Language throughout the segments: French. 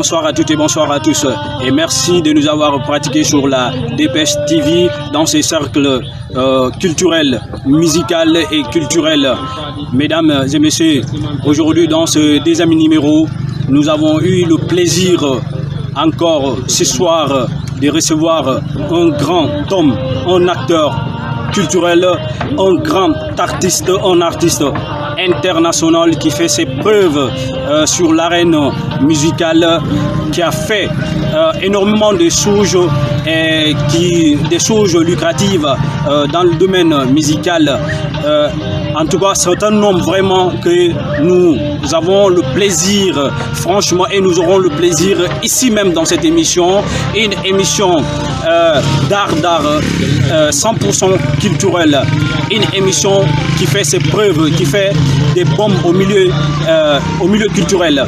Bonsoir à toutes et bonsoir à tous. Et merci de nous avoir pratiqué sur la Dépêche TV dans ces cercles euh, culturels, musicaux et culturels. Mesdames et messieurs, aujourd'hui dans ce deuxième numéro, nous avons eu le plaisir encore ce soir de recevoir un grand homme, un acteur culturel, un grand artiste, un artiste international qui fait ses preuves euh, sur l'arène musicale, qui a fait euh, énormément de et qui des choses lucratives euh, dans le domaine musical. en tout cas, c'est un homme vraiment que nous avons le plaisir, franchement, et nous aurons le plaisir ici même dans cette émission, une émission d'art d'art 100% culturel, une émission qui fait ses preuves, qui fait des bombes au milieu, euh, au milieu culturel,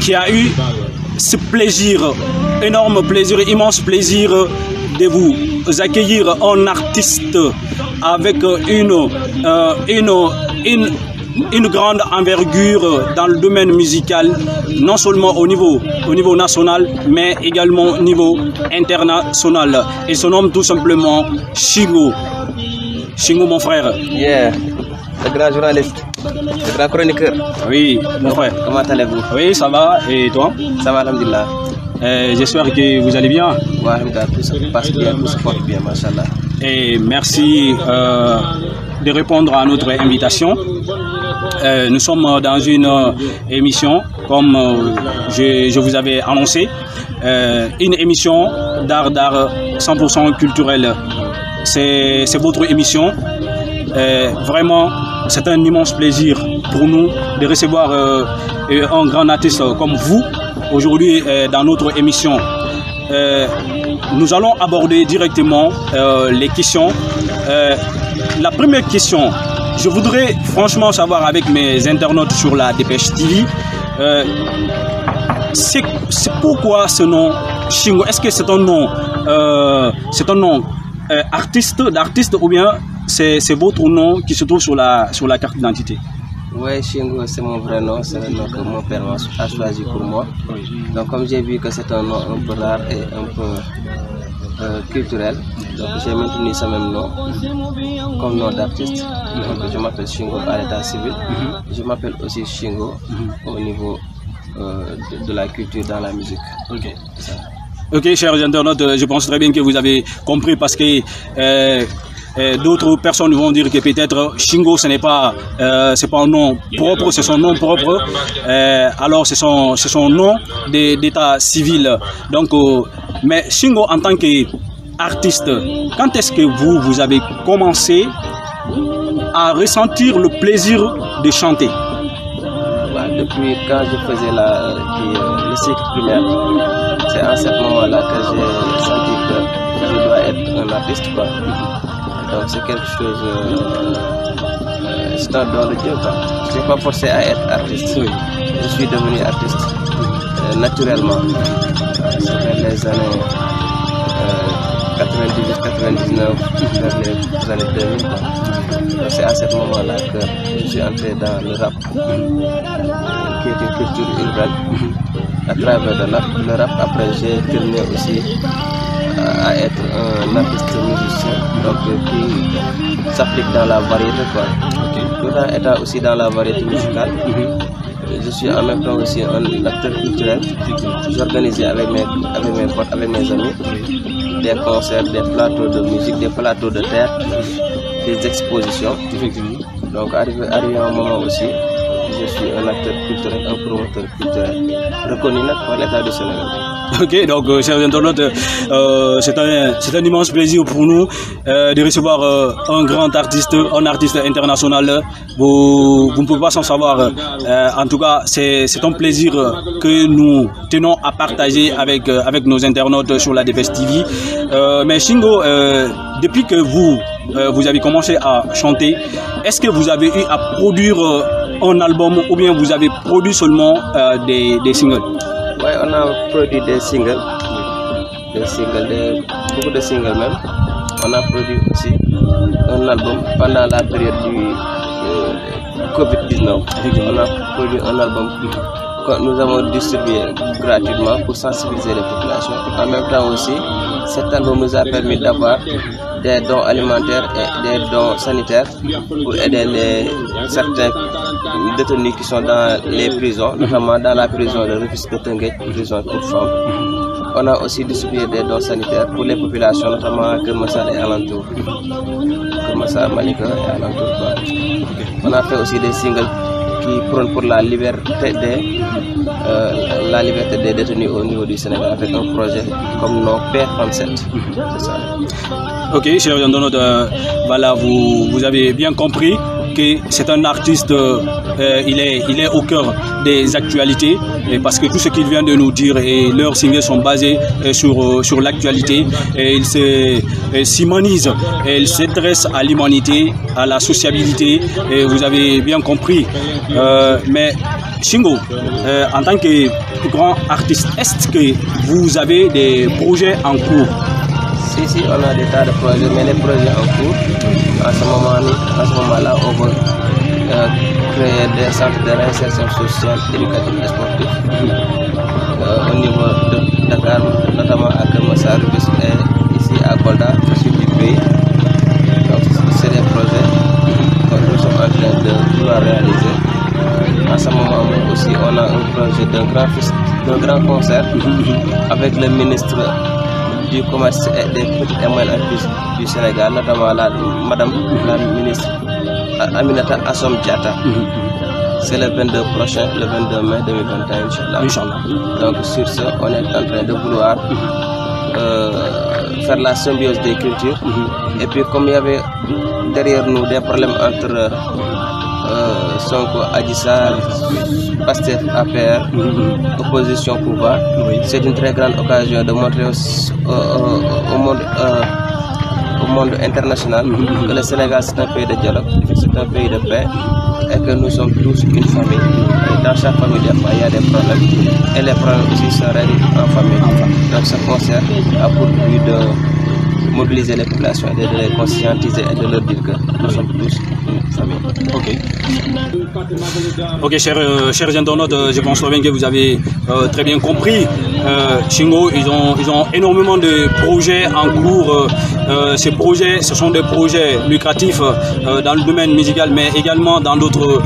qui a eu ce plaisir, énorme plaisir, immense plaisir de vous accueillir en artiste avec euh, une, une, grande envergure dans le domaine musical, non seulement au niveau, au niveau national, mais également au niveau international. et se nomme tout simplement Chigo. Shingo, mon frère. Yeah, le grand journaliste, le grand chroniqueur. Oui, mon frère. Comment allez-vous Oui, ça va. Et toi Ça va, Alhamdulillah. Euh, j'espère que vous allez bien. Oui, Alhamdulillah, tout se passe bien, tout se porte bien, Machallah. Et merci euh, de répondre à notre invitation. Euh, nous sommes dans une émission, comme je, je, vous avais annoncé, une émission d'art d'art 100% culturel c'est votre émission. vraiment, c'est un immense plaisir pour nous de recevoir euh, un grand artiste comme vous aujourd'hui euh, dans notre émission. Euh, nous allons aborder directement les questions. la première question, je voudrais franchement savoir avec mes internautes sur la Dépêche TV, c'est pourquoi ce nom Shingo Est-ce que c'est un nom, c'est un nom euh, artiste, l'artiste ou bien c'est votre nom qui se trouve sur la, sur la carte d'identité Oui, Shingo, c'est mon vrai nom, c'est le nom que mon père a choisi pour moi. Donc comme j'ai vu que c'est un nom un peu rare et un peu euh, culturel, donc j'ai maintenu ce même nom comme nom d'artiste. Donc je m'appelle Shingo à l'état civil. Mm-hmm. Je m'appelle aussi Shingo mm-hmm. au niveau euh, de, la culture dans la musique. Ok, chers internautes, euh, je pense très bien que vous avez compris parce que euh, euh, d'autres personnes vont dire que peut-être Shingo, ce n'est pas, pas un nom propre, c'est son nom propre. alors, c'est son, son nom d'état civil. Donc, mais Shingo, en tant qu'artiste, quand est-ce que vous, vous avez commencé à ressentir le plaisir de chanter bah, Depuis quand je faisais la, le cycle primaire c'est à ce moment-là que j'ai senti que je dois être un artiste. c'est quelque chose. Euh, euh, c'est un don de Dieu. Je n'ai pas forcé à être artiste. Oui. Je suis devenu artiste euh, naturellement. C'est euh, vers les années. 98, 99, vers les années 2000. C'est à ce moment-là que je suis entré dans le rap, qui est une culture urbaine à travers le rap. Après, j'ai terminé aussi euh, à être un artiste musicien, donc qui s'applique dans la variété. Quoi. Tout étant aussi dans la variété musicale, mhm. je suis en même temps aussi un acteur culturel. j'organise avec mes, avec mes avec mes amis, des concerts, des plateaux de musique, des plateaux de terre, des expositions. Donc, arrivé, arrivé un moment aussi, je suis un acteur culturel, un promoteur culturel, reconnu par l'État de Sénégal. Ok, donc euh, chers internautes, euh, c'est un, immense plaisir pour nous euh, de recevoir un grand artiste, un artiste international. Vous, ne pouvez pas s'en savoir. en tout cas, c'est un plaisir que nous tenons à partager avec, avec nos internautes sur la DFS TV. mais Shingo, depuis que vous, vous avez commencé à chanter, est-ce que vous avez eu à produire un album ou bien vous avez produit seulement euh, des, des, singles Oui, on a produit des singles, des singles, beaucoup de singles même. On a produit aussi un album pendant la période du euh, Covid-19. On a produit un album que nous avons distribué gratuitement pour sensibiliser les populations. En même temps aussi, cet album nous a permis d'avoir des dons alimentaires et des dons sanitaires pour aider les, certains détenus qui sont dans les prisons, notamment dans la prison de Rufus Kotengue, prison pour femmes. On a aussi distribué des dons sanitaires pour les populations, notamment Kermassar et alentour. Kermassar, Malika et alentour. On a fait aussi des singles qui prônent pour la liberté des euh, la liberté des détenus au niveau du Sénégal avec un projet comme nos P37. Ok, cher Jean-Donald, euh, vous, vous avez bien compris que c'est un artiste, euh, il, est, il est au cœur des actualités, et parce que tout ce qu'il vient de nous dire et leurs signes sont basés sur, sur l'actualité, et il s'humanise, et il s'adresse à l'humanité, à la sociabilité, et vous avez bien compris. mais Shingo, euh, en tant que grand artiste, est-ce que vous avez des projets en cours Si, si, on a des tas de projets, mais les projets en cours, à ce moment-là, on veut euh, créer des centres de réinsertion sociale, éducative et sportive euh, au niveau de Dakar, notamment à Kermassar, ici à Golda, au sud du pays. Donc, c'est des projets que nous sommes en train de réaliser à ce moment aussi, on a un projet d'un grand, grand concert avec le ministre du commerce et des petites et entreprises du Sénégal, notamment la, Madame ministre Aminata Assom djata C'est le 22 prochain, le 22 mai 2021, Inch'Allah. Donc sur ce, on est en train de vouloir euh, faire la symbiose des cultures. Et puis comme il y avait derrière nous des problèmes entre euh, Sonko que Pasteur, à APR opposition pouvoir c'est une très grande occasion de montrer au, euh, monde international mm-hmm. que le Sénégal c'est un pays de dialogue c'est un pays de paix et que nous sommes tous une famille dans chaque famille il y a des problèmes et les problèmes aussi se règlent en famille donc ce concert a pour but de mobiliser les populations, de les conscientiser et de leur dire que nous sommes tous Ok. Ok, chers, euh, cher internautes, je pense que vous avez euh, très bien compris. Euh, Shingo, ils ont, ils ont énormément de projets en cours. Euh, ces projets, ce sont des projets lucratifs dans le domaine musical, mais également dans d'autres,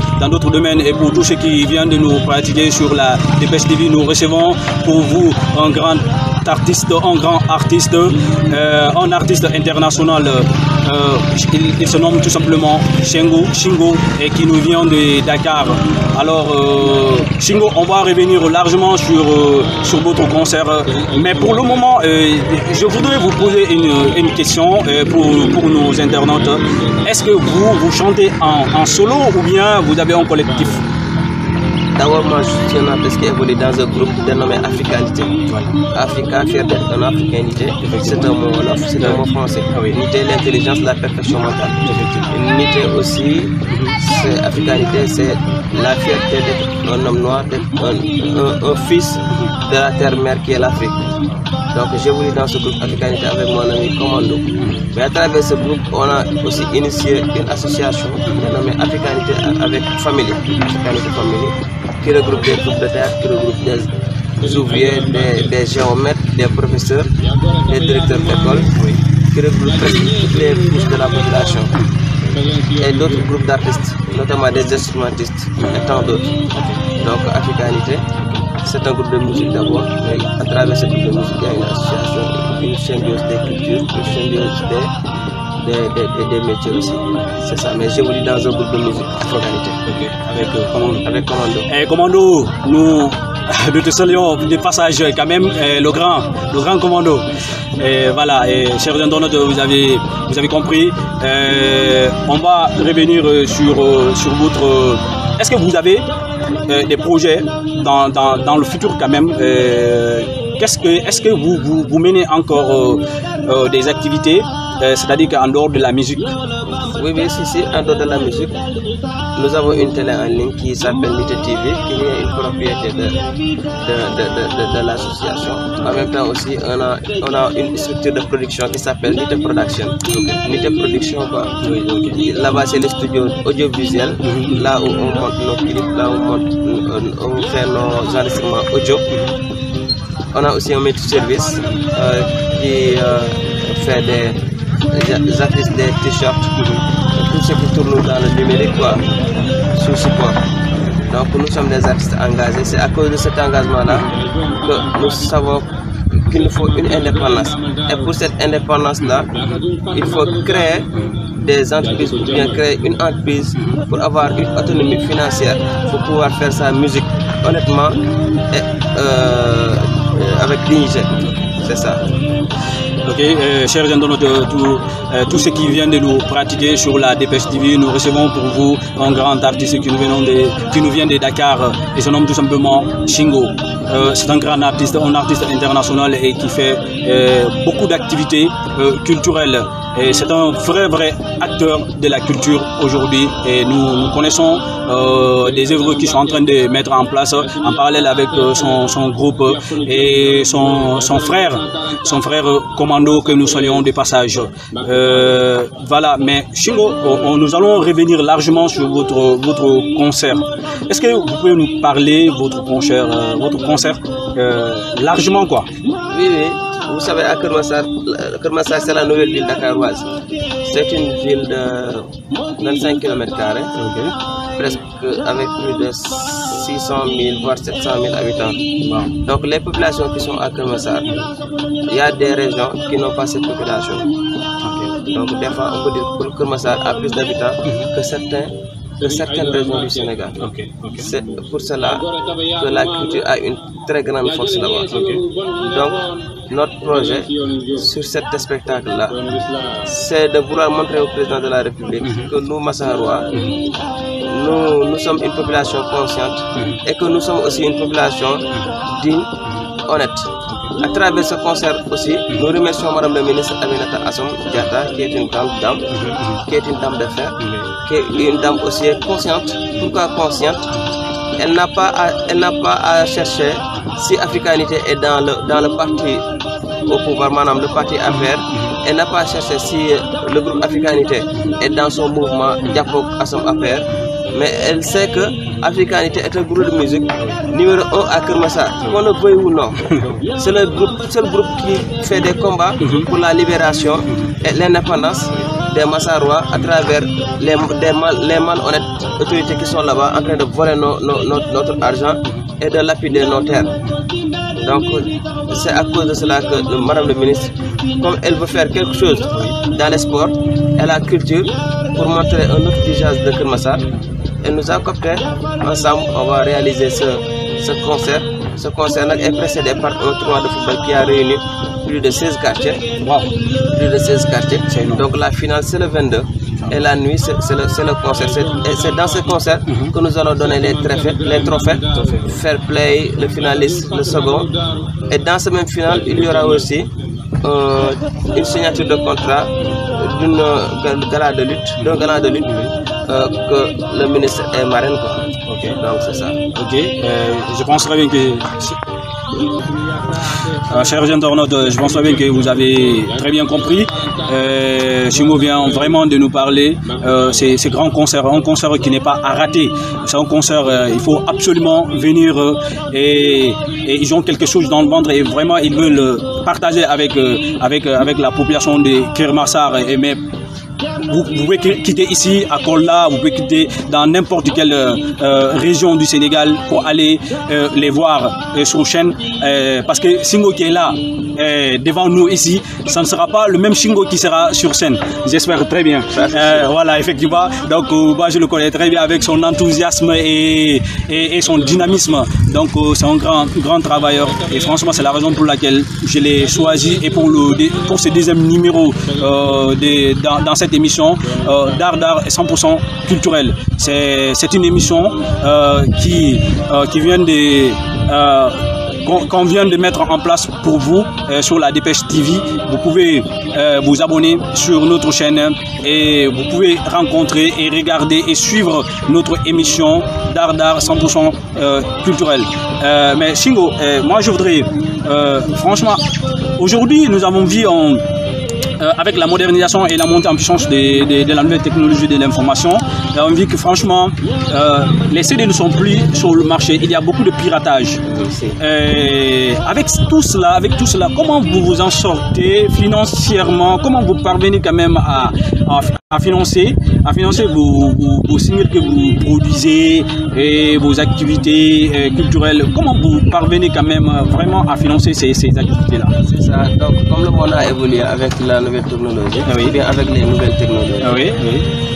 domaines. Et pour tous ceux qui viennent de nous pratiquer sur la Dépêche TV, nous recevons pour vous un grand artiste, un grand artiste, un artiste international. Euh, il, se nomme tout simplement Shingo, Shingo et qui nous vient de Dakar. Alors, euh, Shingo, on va revenir largement sur, euh, sur votre concert. Mais pour le moment, euh, je voudrais vous poser une, question pour, nos internautes. Est-ce que vous, vous chantez en, en solo ou bien vous avez un collectif D'abord, moi, je suis un parce dans un groupe dénommé Africanité. Voilà. Africa, d'être Africanité. C'est un mot voilà, c'est un mot français. Oui. Unité, l'intelligence, la perfection mentale. Unité aussi, c'est Africanité, c'est la fierté d'être un homme noir, d'être un, fils de la terre-mère qui est l'Afrique. Donc, j'ai voulu dans ce groupe Africanité avec mon ami Commando. Mais à travers ce groupe, on a aussi initié une association dénommée Africanité avec FAMILY. Africanité Famille qui regroupe des groupes de théâtre, qui regroupe des ouvriers, des, géomètres, des professeurs, des directeurs d'école, qui regroupe toutes les couches de la population et d'autres groupes d'artistes, notamment des instrumentistes et tant d'autres. Donc Africanité, c'est un groupe de musique d'abord, mais à travers ce groupe de musique, il y a une association, une symbiose des cultures, une symbiose des des, métiers aussi. C'est ça, mais dis dans un groupe de musique euh, avec, Commando. Eh, commando, nous, nous te saluons des passage quand même, eh, le grand, le grand Commando. Et eh, voilà, et cher internautes, vous avez, vous avez compris. on va revenir euh, sur, euh, sur votre. Est-ce que vous avez des projets dans, dans, dans, le futur quand même ce que, Est-ce que vous, vous, menez encore des activités euh, c'est-à-dire qu'en dehors de la musique Oui, oui, si, si, en dehors de la musique, nous avons une télé en ligne qui s'appelle Nite TV, qui est une propriété de, de, de, de l'association. En même temps aussi, on a, on a une structure de production qui s'appelle Nite Production. Okay. Production, quoi. Là-bas, c'est le studio audiovisuel, là où on compte nos clips, là où on, euh, on, fait nos enregistrements audio. On a aussi un métier de service euh, qui fait des les artistes des t-shirts, tout ce qui tourne dans le numérique, quoi, sous support. Donc nous sommes des artistes engagés. C'est à cause de cet engagement-là que nous savons qu'il nous faut une indépendance. Et pour cette indépendance-là, il faut créer des entreprises ou bien créer une entreprise pour avoir une autonomie financière, pour pouvoir faire sa musique honnêtement et euh, avec dignité. C'est ça. Euh, chers internautes, tout, euh, tous ceux qui vient de nous pratiquer sur la Dépêche TV, nous recevons pour vous un grand artiste qui nous, vient de, qui nous vient de Dakar et son nom tout simplement Shingo. Euh, c'est un grand artiste, un artiste international et qui fait beaucoup d'activités culturelles. Et c'est un vrai, vrai acteur de la culture aujourd'hui. Et nous, connaissons euh, des œuvres qui sont en train de mettre en place euh, en parallèle avec euh, son, son, groupe et son, son, frère, son frère commando que nous saluons de passage. voilà, mais Shingo, nous allons revenir largement sur votre, votre concert. Est-ce que vous pouvez nous parler votre concert, votre concert largement quoi Oui, oui. Vous savez, à Kermassar, c'est la nouvelle ville dakaroise. C'est une ville de 25 km, 2 presque avec plus de 600 000 voire 700 000 habitants. Donc les populations qui sont à Kermassar, il y a des régions qui n'ont pas cette population. Donc des fois, on peut dire que Kermassar a plus d'habitants mhm. que certains de certaines régions du Sénégal. C'est pour cela que la culture a une très grande force là-bas. Donc, notre projet sur cet spectacle-là, c'est de vouloir montrer au président de la République mm-hmm. que nous, Massarois, mm-hmm. nous, sommes une population consciente mm-hmm. et que nous sommes aussi une population digne, honnête. À travers ce concert aussi, mhm. nous remercions Madame la ministre Aminata Assom Diata, qui est une dame, mhm, mhm. qui est une dame de qui est une dame aussi consciente. Pourquoi consciente Elle n'a pas, à, elle n'a pas à chercher si africanité est dans le, parti au pouvoir, Madame le parti à Elle n'a pas à chercher si le groupe africanité est dans son mouvement Diapok Assom Affaire mais elle sait que l'Africanité est un groupe de musique numéro 1 à Kermassa, qu'on le veuille ou non. Mhm. C'est le groupe, seul groupe qui fait des combats mhm. pour la libération et l'indépendance des Massarois à travers les, malhonnêtes autorités qui sont là-bas en train de voler notre, argent et de lapider nos terres. Donc, c'est à cause de cela que Madame le ministre, comme elle veut faire quelque chose dans les sports et la culture pour montrer un autre visage de Kermassar, et nous avons Ensemble, on va réaliser ce, concert. Ce concert est précédé par un tournoi de football qui a réuni plus de 16 quartiers. Donc la finale, c'est le 22. Et la nuit, c'est le, le, concert. C'est dans ce concert mhm. que nous allons donner les trophées, les trophées, fair play, le finaliste, le second. Et dans ce même final, il y aura aussi euh, une signature de contrat d'une euh, de lutte, d'un gala de lutte euh, que le ministre est marin Donc c'est ça. Ok, euh, je pense très bien que. Euh, chers je pense bien que vous avez très bien compris. Euh, vient vraiment de nous parler. c'est un grand concert, un concert qui n'est pas à rater. C'est un concert, il faut absolument venir et, ils ont quelque chose dans le ventre et vraiment ils veulent partager avec, avec, avec la population de Kermassar. et même vous, pouvez quitter ici, à Kola, vous pouvez quitter dans n'importe quelle euh, euh, région du Sénégal pour aller euh, les voir sur chaîne. parce que Singo qui est là, devant nous ici, ça ne sera pas le même Shingo qui sera sur scène. J'espère très bien. voilà, effectivement. Donc, moi je le connais très bien avec son enthousiasme et, son dynamisme. Donc, c'est un grand, grand travailleur. Et franchement, c'est la raison pour laquelle je l'ai choisi et pour, ce deuxième numéro dans cette émission euh, d'art d'art 100% culturel. C'est une émission euh, qui, euh, qui vient de qu'on vient de mettre en place pour vous sur la Dépêche TV. Vous pouvez vous abonner sur notre chaîne et vous pouvez rencontrer et regarder et suivre notre émission d'art d'art 100% culturel. mais Shingo, moi je voudrais, franchement, aujourd'hui nous avons vu en euh, avec la modernisation et la montée en puissance de, la nouvelle technologie de l'information, euh, on vit que franchement, euh, les CD ne sont plus sur le marché. Il y a beaucoup de piratage. avec tout cela, avec tout cela, comment vous vous en sortez financièrement Comment vous parvenez quand même à financer à financer vos, signes que vous produisez et vos activités euh, culturelles. Comment vous parvenez quand même euh, vraiment à financer ces, ces activités-là C'est ça. Donc, comme le monde a évolué avec la nouvelle technologie, ah avec les nouvelles technologies. Ah oui,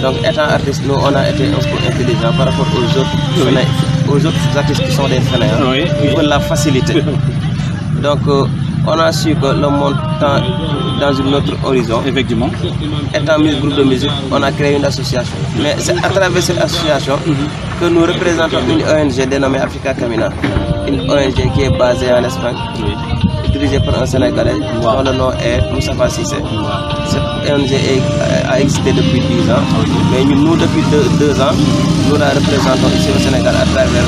Donc, étant artiste, nous, on a été un intelligent par rapport aux autres, ah oui. aux autres artistes qui sont des frères. ils oui, la facilité. Donc, euh, on a su que le monde dans, un autre horizon. Effectivement. Étant mis groupe de musique, on a créé une association. Mais c'est à travers cette association mhm. que nous représentons une ONG dénommée Africa Camina. Une ONG qui est basée en Espagne. dirigée par un Sénégalais dont le nom est Moussa Sissé. Cette ONG euh, a existé depuis 10 ans, mais nous, depuis 2 ans, nous la représentons ici au Sénégal à travers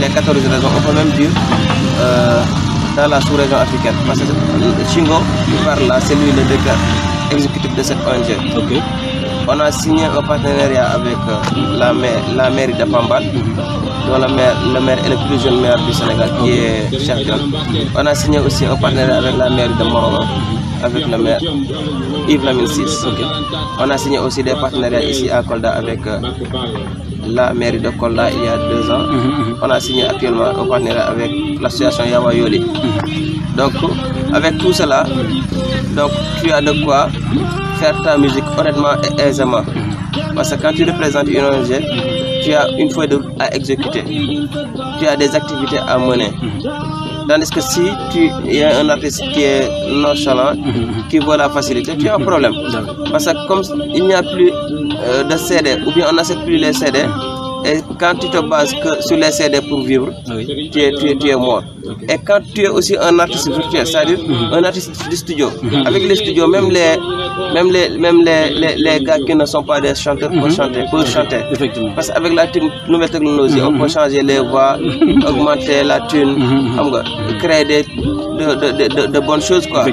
les 14 raisons. On peut même dire euh, dans la sous-région africaine. Parce que Chingo, par là, c'est lui le décret exécutif de cette ONG. On a signé un partenariat avec euh, la, maire, mairie de Pambal, dont la maire, est le plus jeune maire du Sénégal, qui est Chakran. On a signé aussi un partenariat avec la mairie de Morolo, avec la maire Yves Lamine 6. On a signé aussi des partenariats ici à Kolda avec euh, la mairie de Kola il y a deux ans. Mhm, mhm. On a signé actuellement un partenariat avec l'association Yawa Yoli. Mhm. Donc, avec tout cela, donc, tu as de quoi faire ta musique honnêtement et aisément. Parce que quand tu représentes une ONG, tu as une fois à exécuter, tu as des activités à mener. Tandis que si tu y a un artiste qui est nonchalant, qui voit la facilité, tu as un problème. Parce que comme il n'y a plus euh, de CD ou bien on n'accepte plus les CD. Et quand tu te bases que sur les CD pour vivre, tu, es, tu, es, mort. Et quand tu es aussi un artiste virtuel, c'est-à-dire mhm. un artiste du studio, mhm. avec les studios, même les, même les, gars qui ne sont pas des chanteurs pour mhm. chanter, pour chanter. Parce qu'avec la nouvelle technologie, on peut changer les voix, mhm. augmenter la thune, mhm. créer de, bonnes choses. Quoi.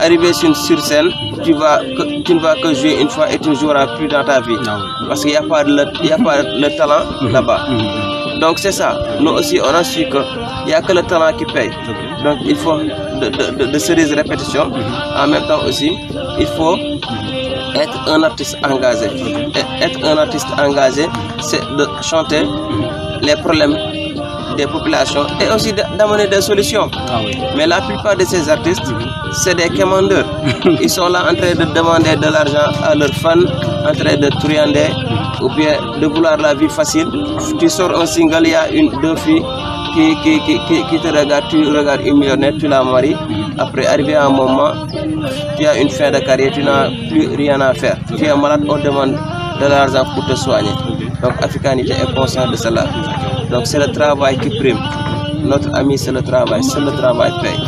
Arriver sur, sur, scène, tu, vas, tu ne vas que jouer une fois et tu ne joueras plus dans ta vie. Ah Parce qu'il n'y a pas a pas le talent là-bas. Donc c'est ça. Nous aussi, on a su qu'il n'y a que le talent qui paye. Donc il faut de, de, de, séries répétitions. Mhm. En même temps aussi, il faut être un artiste engagé. être un artiste engagé, c'est de chanter mhm. les problèmes des populations et aussi d'amener des solutions. Ah Mais la plupart de ces artistes, mhm. c'est des commandeurs. Ils sont là en train de demander de l'argent à leurs fans, en train de triander ou bien de vouloir la vie facile. Tu sors en single, il y a une, deux filles qui, qui, te regardent, tu regardes une millionnaire, tu la maries. Après, arrivé à un moment, tu as une fin de carrière, tu n'as plus rien à faire. Tu es malade, on demande de l'argent pour te soigner. Donc, Africanité est conscient de cela. Donc, c'est le travail qui prime. Notre ami, c'est le travail, c'est le travail paye.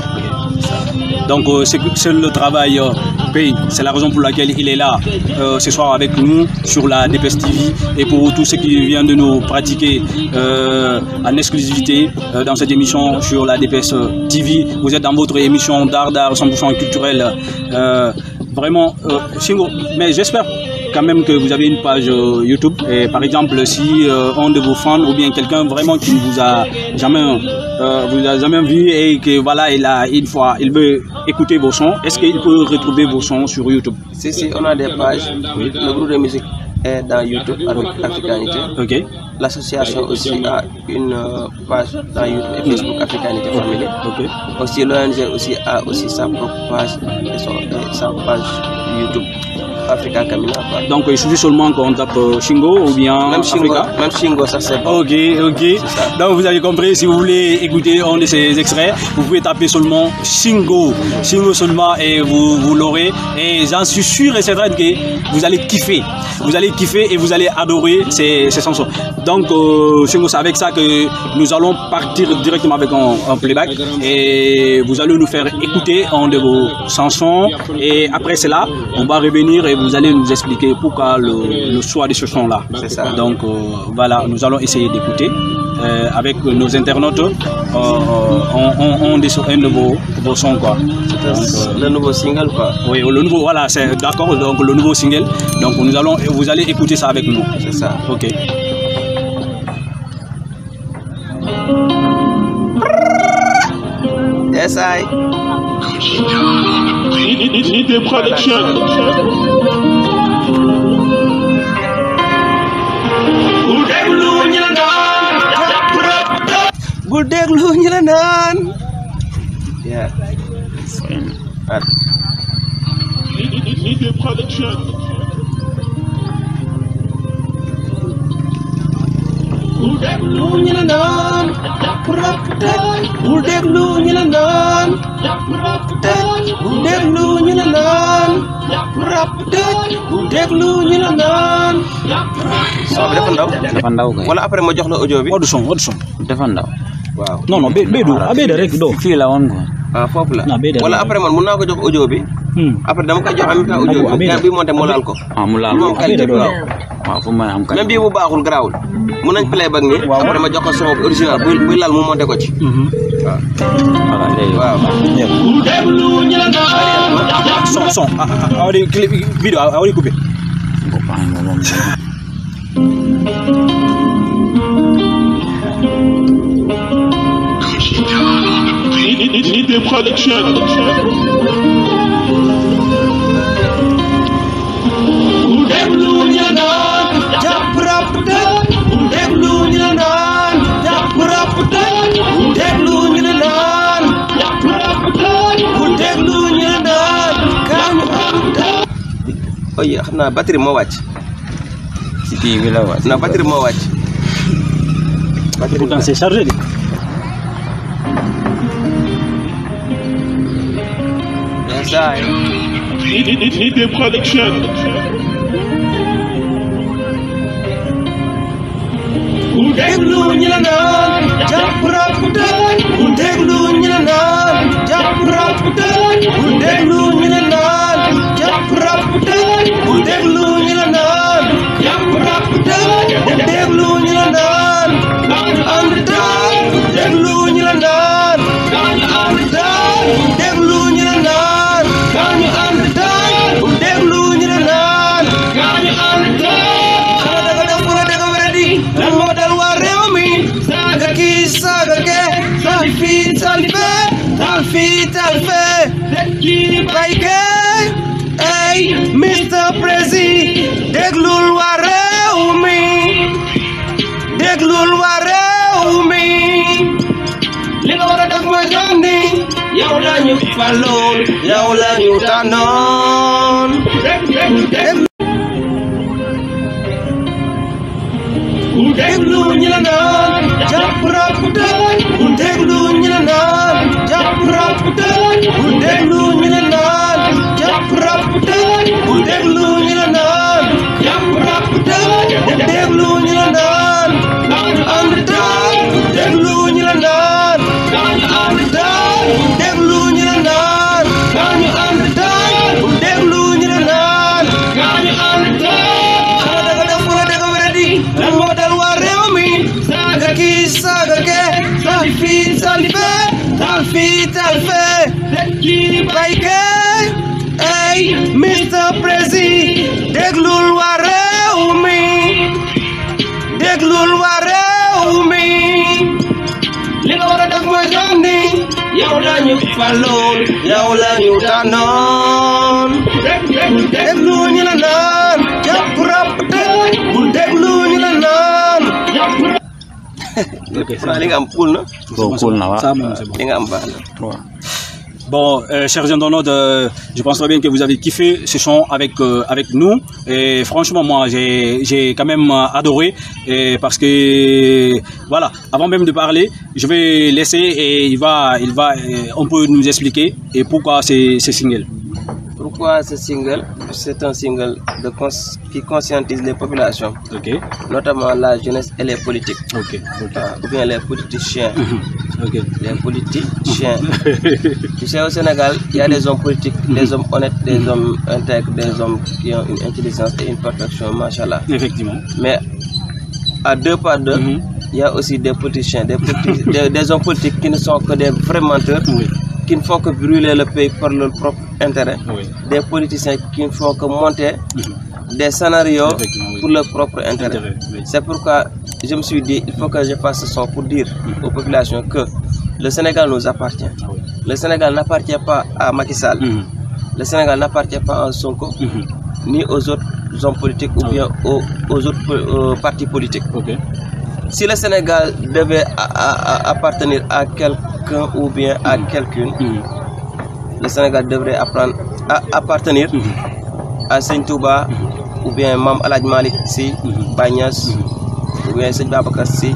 Donc euh, c'est le travail euh, paye. C'est la raison pour laquelle il est là euh, ce soir avec nous sur la DPS TV et pour tous ceux qui viennent de nous pratiquer en exclusivité dans cette émission sur la DPS TV. Vous êtes dans votre émission d'art d'art 100% culturel. vraiment, mais j'espère quand même que vous avez une page euh, YouTube. Et par exemple, si euh, un de vos fans ou bien quelqu'un vraiment qui vous a jamais, euh, vous a jamais vu et que voilà, il a une fois, il veut écouter vos sons, est-ce qu'il peut retrouver vos sons sur YouTube Si, si, on a des pages. Le groupe de musique est dans YouTube avec Africanité. Ok. L'association aussi a une page dans YouTube et Facebook Africanité Family. Ok. Aussi l'ONG aussi a aussi sa propre page et sa page YouTube. Donc il suffit seulement qu'on tape euh, Shingo ou bien même Shingo, Même Shingo, ça c'est bon. Ok, ok. Donc vous avez compris, si vous voulez écouter un de ces extraits, vous pouvez taper seulement Shingo. Shingo seulement et vous, vous l'aurez. Et j'en suis sûr et certain que vous allez kiffer. Vous allez kiffer et vous allez adorer ces, ces chansons. Donc euh, Shingo, c'est avec ça que nous allons partir directement avec un, playback. Et vous allez nous faire écouter un de vos chansons. Et après cela, on va revenir et vous allez nous expliquer pourquoi le, choix de ce son-là. Donc euh, voilà, nous allons essayer d'écouter. Euh, avec nos internautes, euh, on, on, un nouveau, son. Quoi. le nouveau single quoi. Oui, le nouveau, voilà, c'est d'accord, donc le nouveau single. Donc nous allons, vous allez écouter ça avec nous. C'est ça. Ok. SI. Need a production. Good day, Lunyanan. Yeah. It's fine. Need a production. udek lu raktan udeglu ñilandan raktan udeglu ñilandan raktan udeglu ñilandan sama udek lu ndaw dafa ndaw kay wala après ma jox la audio bi wadu oh, oh, son wadu son dafa ndaw waaw non non be be du abe da rek do fi la won ko ah foofu wala après man mun naa ko jox audio bi. après dama jox bi. monté ko. ah mu laal ko menang nañ playback ni après ma jox ko sama original buy buy lal mu monté ko ci video awadi di Need, need, need, oh iya xam naa batterie moo wàcc. si kii bi la wàcc. non batterie moo wàcc. batterie pourtant c'est chargé de. Yes, Nid Nid Production. ku déglu ñu la naan jàpp rap ku déglu ñu la naan jàpp rap ku déglu Yang in a nun. Yap, you follow, now let you turn on. Udeglu nyilana, japrap udai, udeglu nyilana. Baik, hey, Mr. Prezi, deglul wareumi, deglul wareumi. Lilo radak mojongni, yaw lañu Ya yaw lañu danon. dek, ñu la ya naan, japp rap dek, bu deglu ñu la naan. Oke, okay, so, ini nggak ampul, no? Ampul, no, Pak. Ini nggak ampul. Bon, euh, chers Donald, je pense très bien que vous avez kiffé ce chant avec, euh, avec nous. Et franchement, moi, j'ai quand même euh, adoré. Et parce que, voilà, avant même de parler, je vais laisser et il va, il va, on euh, peut nous expliquer et pourquoi c'est single. Pourquoi ce single C'est un single qui conscientise les populations, notamment la jeunesse et les politiques. Ah, ou bien les politiciens. Mhm. Les politiciens. tu sais, au Sénégal, il y a des hommes politiques, mhm. des hommes honnêtes, des mhm. hommes intègres, des hommes qui ont une intelligence et une perfection, machallah. Effectivement. Mais à deux par deux, il y a aussi des politiciens, des, hommes politiques qui ne sont que des vrais menteurs, qui ne font que brûler le pays par leur propre intérêt des politiciens qui ne font que monter des scénarios pour leur propre intérêt. C'est pourquoi je me suis dit, il faut que je fasse ce pour dire mm. aux populations que le Sénégal nous appartient. Ah le Sénégal n'appartient pas à Macky Sall. Mm-hmm. Le Sénégal n'appartient pas à Sonko, mm-hmm. ni aux autres hommes politiques ou ah bien aux, autres euh, partis politiques. Si le Sénégal devait appartenir à quelqu'un ou bien à mm-hmm. quelqu'une, le Sénégal devrait apprendre à appartenir mhm. à saint Touba mhm. ou bien Mam Alad Malik si, mhm. Bagnas, ou bien Seigne Babakar si,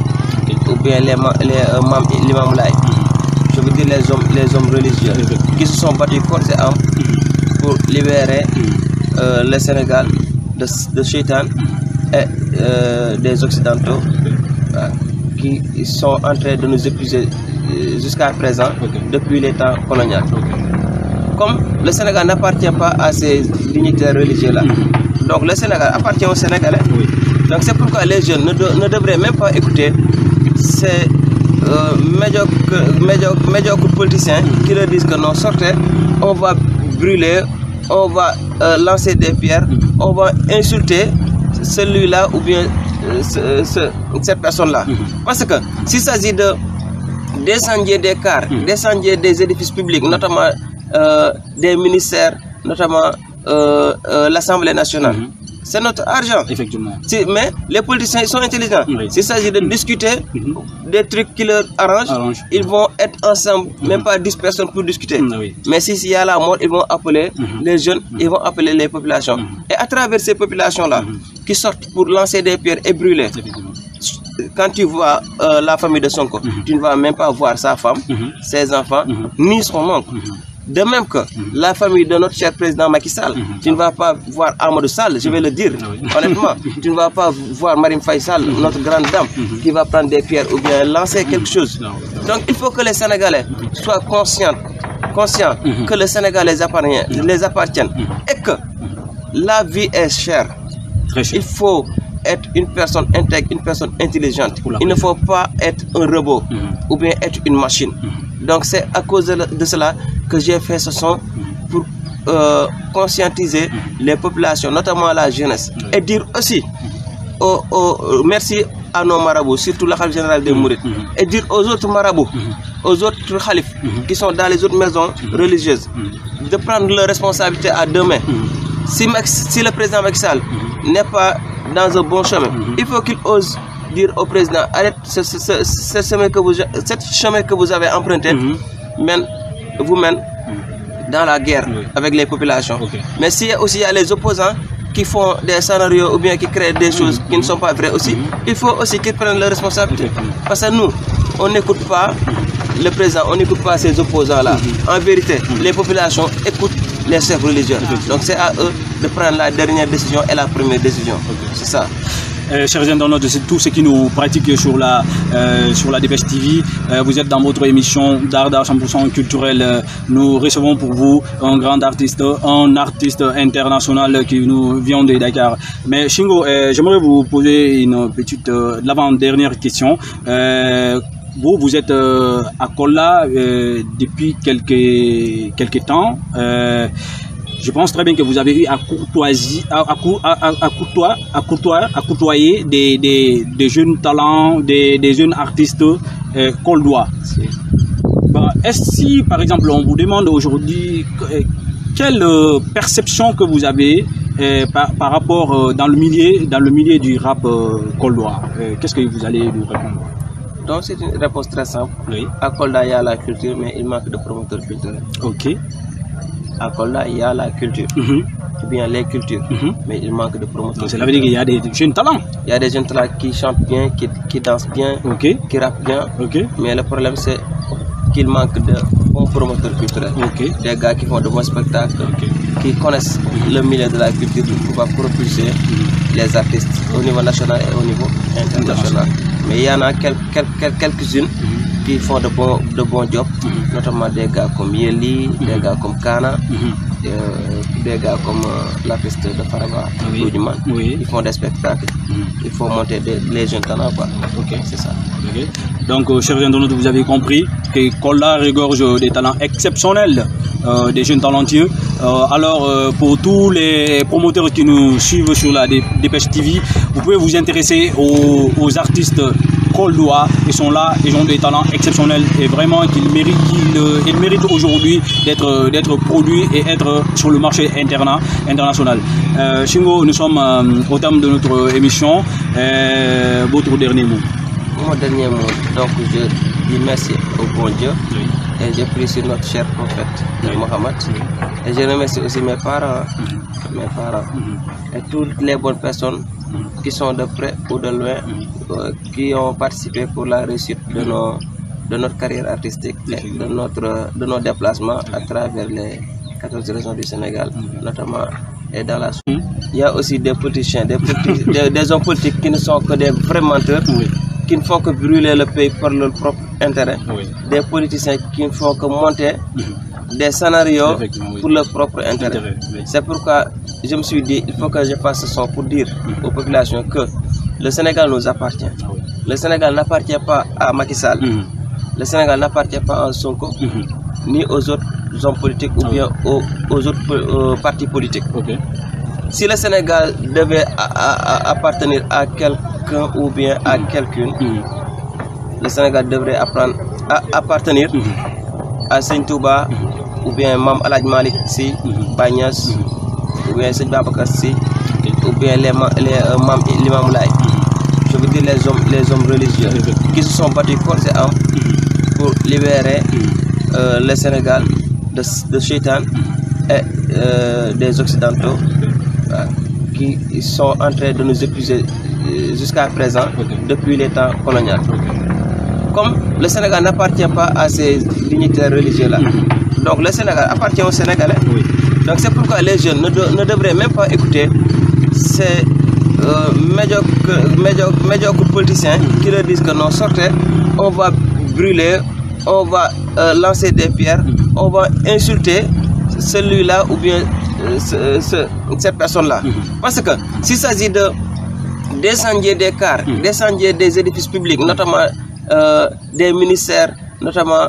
ou bien les, les euh, l'imam Je veux dire les hommes, les religieux qui se sont battus corps pour libérer euh, le Sénégal de, de et euh, des Occidentaux qui sont en train de nous épuiser jusqu'à présent depuis les temps coloniaux comme le Sénégal n'appartient pas à ces dignités religieuses là mm-hmm. Donc le Sénégal appartient au Sénégalais. Donc c'est pourquoi les jeunes ne, devraient même pas écouter ces euh, médiocres, politiciens mm-hmm. qui leur disent que non, sortez, on va brûler, on va euh, lancer des pierres, mm-hmm. on va insulter celui-là ou bien euh, euh, cette personne-là. Parce que s'il s'agit de descendre des cars, descendre des édifices publics, notamment euh, des ministères, notamment euh, euh, l'Assemblée nationale. Mhm. c'est notre argent. Effectivement. Mais les politiciens, sont intelligents. S'il s'agit de mhm. discuter mhm. des trucs qui leur arrangent, ils vont être ensemble, même pas 10 personnes pour discuter. Mais s'il y a la mort, ils vont appeler les jeunes, ils vont appeler les populations. Et à travers ces populations-là, qui sortent pour lancer des pierres et brûler, quand tu vois la famille de son Sonko, tu ne vas même pas voir sa femme, ses enfants, ni son oncle. De même que mhm. la famille de notre cher président Macky Sall, mhm. tu ne vas pas voir Amadou Sall, je vais le dire ah honnêtement, tu ne vas pas voir Marine Faye Sall, mhm. notre grande dame, qui va prendre des pierres ou bien lancer quelque chose. Donc il faut que les Sénégalais soient conscients, conscients que le Sénégal les appartient, les et que la vie est chère. Il faut être une personne intègre, une personne intelligente. Il ne faut pas être un robot ou bien être une machine. Donc c'est à cause de cela que j'ai fait ce son pour euh, conscientiser les populations, notamment la jeunesse, et dire aussi merci à nos marabouts, surtout la Khalif général des mm-hmm. Mm-hmm. et dire aux autres marabouts, mm-hmm. aux autres khalifs qui sont dans les autres maisons religieuses, de prendre leurs responsabilités à demain. Si, si, le président Maxal n'est pas dans un bon chemin, il faut qu'il ose dire au président arrête ce, que vous, cette chemin que vous avez emprunté mhm. vous mène dans la guerre avec les populations. Mais si il y a aussi les opposants qui font des scénarios ou bien qui créent des choses mhm. qui ne sont pas vraies aussi, mhm. il faut aussi qu'ils prennent leurs responsabilités. Parce que nous, on n'écoute pas le président, on n'écoute pas ces opposants-là. En vérité, les populations écoutent les chefs religieux. Donc c'est à eux de prendre la dernière décision et la première décision. C'est ça. Euh, chers internautes, c'est tous ceux qui nous pratiquent sur la, euh, sur la Dépêche TV. Euh, vous êtes dans votre émission d'art, d'art 100% culturel. Nous recevons pour vous un grand artiste, un artiste international qui nous vient de Dakar. Mais Shingo, j'aimerais vous poser une petite, l'avant-dernière question. vous, vous êtes à Kola depuis quelques, quelques temps. Je pense très bien que vous avez eu à courtoisie, à, à, des, jeunes talents, des, jeunes artistes euh, bah, Est-ce si, par exemple, on vous demande aujourd'hui euh, quelle euh, perception que vous avez euh, par, rapport dans le milieu, dans le milieu du rap coldois, qu'est-ce que vous allez nous répondre Donc c'est une réponse très simple. Oui. À Collois il y a la culture, mais il manque de promoteurs culturels. Ok à Kolda, il y a la culture, mhm. bien les cultures, mhm. mais il manque de promoteurs. cest cela veut dire qu'il y a des jeunes talents Il y a des jeunes talents qui chantent bien, qui, dansent bien, qui rappent bien, mais le problème c'est qu'il manque de bons promoteurs culturels. Des gars qui font de bons spectacles, qui connaissent le milieu de la culture pour pouvoir propulser mhm. les artistes au niveau national et au niveau international. Mais il y en a quelques-unes quelques, qui font de bons jobs notamment des gars comme Yeli, mhm. mhm. euh, des gars comme Kana, des, gars comme la piste de Farava, oui. oui. Ils font des spectacles, ils mhm. font il faut monter des, les jeunes talents. Quoi. Ok, c'est ça. Donc, cher euh, chers internautes, vous avez compris que Kola regorge des talents exceptionnels, euh, des jeunes talentueux. alors, pour tous les promoteurs qui nous suivent sur la Dépêche TV, vous pouvez vous intéresser aux artistes ils sont là, ils ont des talents exceptionnels et vraiment qu'ils méritent, qu'ils, euh, méritent aujourd'hui d'être, euh, d'être produits et être sur le marché interna, international. Euh, Shingo, nous sommes euh, au terme de notre émission. votre dernier mot Mon dernier mot, donc je dis merci au bon Dieu. Et je prie notre cher prophète Mohamed. Et je remercie aussi mes parents, mhm. mes parents mhm. et toutes les bonnes personnes mhm. qui sont de près ou de loin qui ont participé pour la réussite de, de notre carrière artistique et de, notre, de nos déplacements à travers les 14 régions du Sénégal, notamment et dans la Suisse Il y a aussi des politiciens, des, des, hommes politiques qui ne sont que des vrais menteurs, qui ne font que brûler le pays pour leur propre intérêt, des politiciens qui ne font que monter des scénarios pour leur propre intérêt. C'est pourquoi je me suis dit, il faut que je fasse ça pour dire aux populations que le Sénégal nous appartient. Ah le Sénégal n'appartient pas à Macky Sall. Mm-hmm. Le Sénégal n'appartient pas à Sonko, mm-hmm. ni aux autres hommes politiques ou ah bien aux, autres euh, partis politiques. Si le Sénégal devait appartenir à quelqu'un ou bien à mm-hmm. quelqu'une, le Sénégal devrait apprendre à appartenir à Saint Touba ou bien Mam Aladj Malik si, Bagnas, ou bien à saint ou bien les, les, euh, les les hommes, les hommes religieux qui se sont battus corps et pour libérer mm-hmm. euh, le Sénégal de, de et euh, des Occidentaux euh, qui sont en train de nous épuiser jusqu'à présent depuis les temps coloniaux. Comme le Sénégal n'appartient pas à ces dignitaires religieuses là mm-hmm. donc le Sénégal appartient au Sénégalais. Donc c'est pourquoi les jeunes ne, ne devraient même pas écouter ces euh, médiocres, politiciens qui leur disent que non, sortez, on va brûler, on va euh, lancer des pierres, on va insulter celui-là ou bien euh, cette personne-là. Mhm. Parce que s'il s'agit de descendre des cars, mhm. descendre des édifices publics, mhm. notamment des ministères, notamment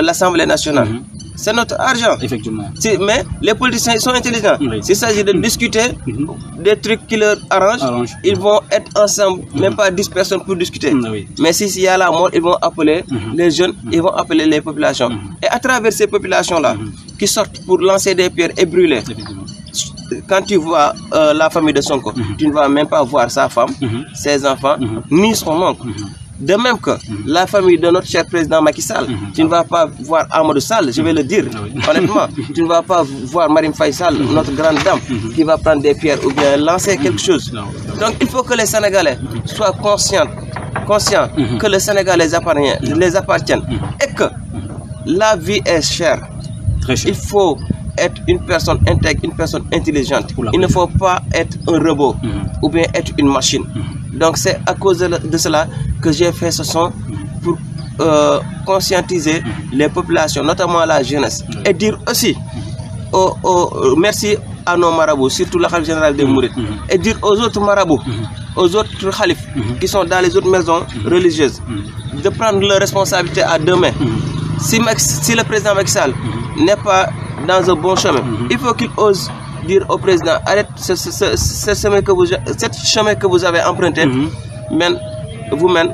l'Assemblée nationale, c'est notre argent. Effectivement. Mais les politiciens sont intelligents. S'il s'agit de mm-hmm. discuter mm-hmm. des trucs qui leur arrangent, ils vont être ensemble, même mm-hmm. pas 10 personnes pour discuter. Mais s'il y a la mort, ils vont appeler les jeunes, ils vont appeler les populations. Et à travers ces populations-là, qui sortent pour lancer des pierres et brûler, quand tu vois euh, la famille de Sonko, tu ne vas même pas voir sa femme, ses enfants, ni son oncle. De même que mhm. la famille de notre cher président Macky Sall, mhm. tu ne vas pas voir Amadou Sall, je vais mhm. le dire ah honnêtement, tu ne vas pas voir Marine Faye notre grande dame, qui va prendre des pierres ou bien lancer quelque chose. Donc il faut que les Sénégalais soient conscients, conscients que le Sénégal les appartient, les et que la vie est chère. Il faut être une personne intègre, une personne intelligente. Il ne faut pas être un robot ou bien être une machine. Donc c'est à cause de cela que j'ai fait ce son pour euh, conscientiser les populations, notamment la jeunesse, et dire aussi merci à nos marabouts, surtout la général générale de Mourides, et dire aux autres marabouts, aux autres khalifs qui sont dans les autres maisons religieuses, de prendre leurs responsabilités à demain. Si, si, le président Maxal n'est pas dans un bon chemin, il faut qu'il ose dire au président arrête que vous, cette chemin que vous avez emprunté, mhm. vous mène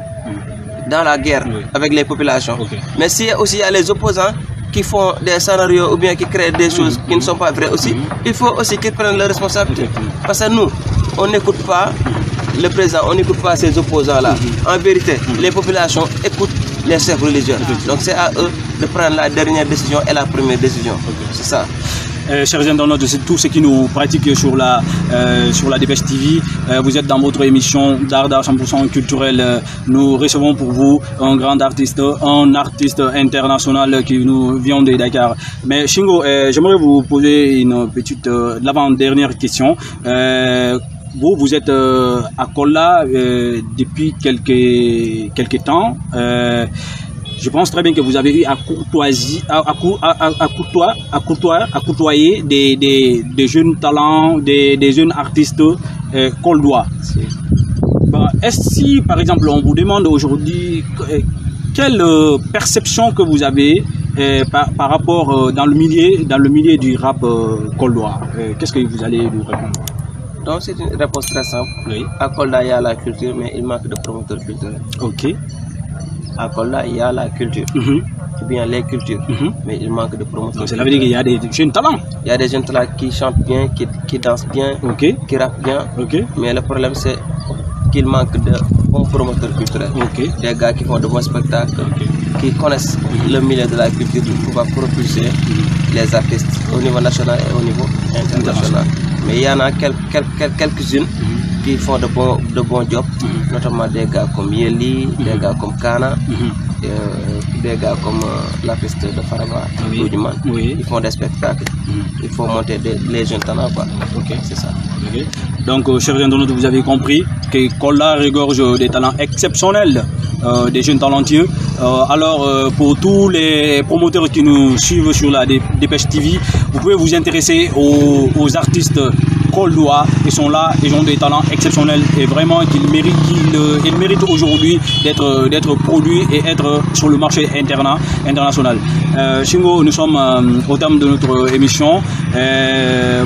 dans la guerre avec les populations. Mais si il y a les opposants qui font des scénarios ou bien qui créent des choses mhm. qui ne sont pas vraies aussi, mhm. il faut aussi qu'ils prennent leurs responsabilités. Parce que nous, on n'écoute pas le président, on n'écoute pas ces opposants-là. En vérité, les populations écoutent les chefs religieux. Donc c'est à eux de prendre la dernière décision et la première décision. C'est ça. Euh, chers internautes, c'est tout ceux qui nous pratiquent sur la, euh, sur la Dépêche TV. Euh, vous êtes dans votre émission d'art d'art 100% culturel. Euh, nous recevons pour vous un grand artiste, un artiste international qui nous vient de Dakar. Mais Shingo, j'aimerais vous poser une petite, l'avant-dernière question. vous, vous êtes à Kola depuis quelques, quelques temps. Je pense très bien que vous avez eu à, courtoisie, à, à, courtois, courtois, des, jeunes talents, des, jeunes artistes euh, bah, Est-ce si, par exemple, on vous demande aujourd'hui euh, quelle euh, perception que vous avez euh, par, rapport dans, le milieu, dans le milieu du rap euh, Qu'est-ce que vous allez nous répondre Donc c'est une réponse très simple. Oui. À Kolda, il y a la culture, mais il manque de promoteurs culturels. Ok à il y a la culture, mhm. bien les cultures, mhm. mais il manque de promotion. cela veut dire qu'il y a des jeunes talents Il y a des jeunes talents qui chantent bien, qui, dansent bien, qui rappent bien, mais le problème c'est qu'il manque de bons promoteurs culturels. Des gars qui font de bons spectacles, qui connaissent le milieu de la culture pour pouvoir propulser mhm. les artistes au niveau national et au niveau international. Mais il y en a quelques-unes quelques, qui font de bons, jobs, mm-hmm. notamment des gars comme Yeli, mm-hmm. mm-hmm. euh, des gars comme Kana, des euh, gars comme la piste de Farama oui. Ils font des spectacles, ils font monter des, les jeunes talents. ok C'est ça. Donc, cher euh, chers internautes, vous avez compris que Kola regorge des talents exceptionnels, des jeunes talentueux. alors, pour tous les promoteurs qui nous suivent sur la Dépêche TV, vous pouvez vous intéresser aux artistes ils sont là, ils ont des talents exceptionnels et vraiment qu'ils méritent, euh, ils, méritent aujourd'hui euh, d'être, produits et être sur le marché international. Euh, nous sommes euh, au terme de notre émission.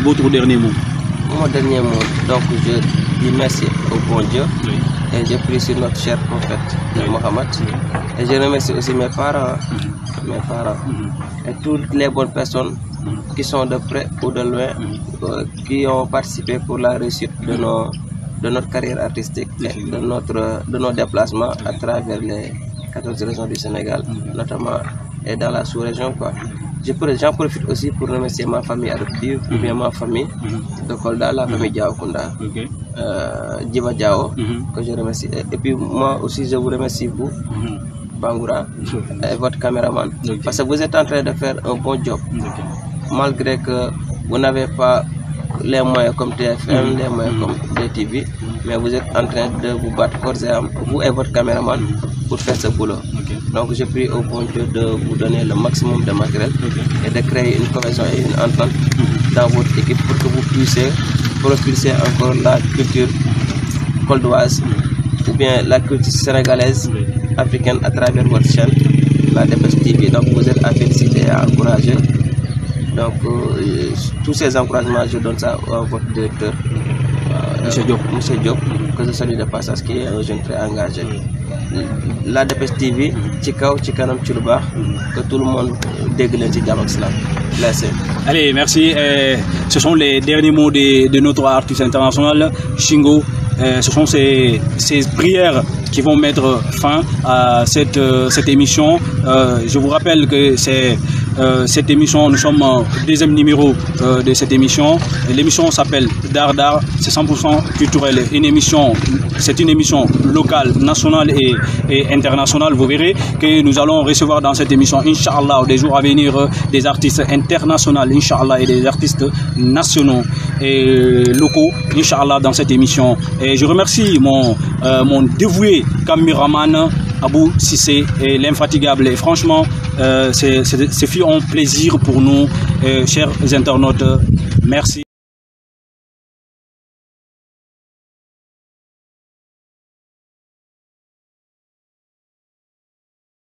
votre dernier mot Mon dernier mot, donc je dis merci au bon Dieu. Et je prie sur notre cher prophète Mohamed. Et je remercie aussi mes parents, mes parents mhm. et toutes les bonnes personnes qui sont de près ou de loin, euh, qui ont participé pour la réussite de, nos, de notre carrière artistique, de, notre, de nos déplacements à travers les 14 régions du Sénégal, notamment et dans la sous-région. quoi. J'en profite aussi pour remercier ma famille adoptive, ou bien ma famille de Kolda, la famille Diao Kunda, euh, Djiba Diao, mhm. que je remercie. Et puis moi aussi, je vous remercie, vous, mhm. Bangura, et votre caméraman, parce que vous êtes en train de faire un bon job malgré que vous n'avez pas les moyens comme TFM, mm. les moyens comme DTV, mais vous êtes en train de vous battre corps vous et votre caméraman, pour faire ce boulot. Donc j'ai pris au bon de vous donner le maximum de matériel et de créer une cohésion et une entente dans votre équipe pour que vous puissiez propulser encore la culture coldoise ou bien la culture sénégalaise, africaine à travers votre chaîne, la DPS TV. Donc vous êtes à et à encourager. Donc, euh, tous ces encouragements, je donne ça à votre directeur, euh, M. Diop. Monsieur Diop, que je salue de ce qui est un jeune très engagé. La DPS TV, Tchikao, Tchikanam, Tchurba, que tout le monde dégueule ce dialogue cela. Merci. Allez, merci. Euh, ce sont les derniers mots de, notre artiste international, Shingo. ce sont ces, ces, prières qui vont mettre fin à cette, cette émission. je vous rappelle que c'est euh, cette émission, nous sommes au deuxième numéro euh, de cette émission. L'émission s'appelle Dar c'est 100% culturel. Une émission, c'est une émission locale, nationale et, internationale. Vous verrez que nous allons recevoir dans cette émission, Inch'Allah, des jours à venir, des artistes internationaux, Inch'Allah, et des artistes nationaux et euh, locaux, Inch'Allah, dans cette émission. Et je remercie mon, mon dévoué caméraman. Abou Sissé et l'infatigable. Et franchement, euh, ce fut un plaisir pour nous, euh, chers internautes. Merci.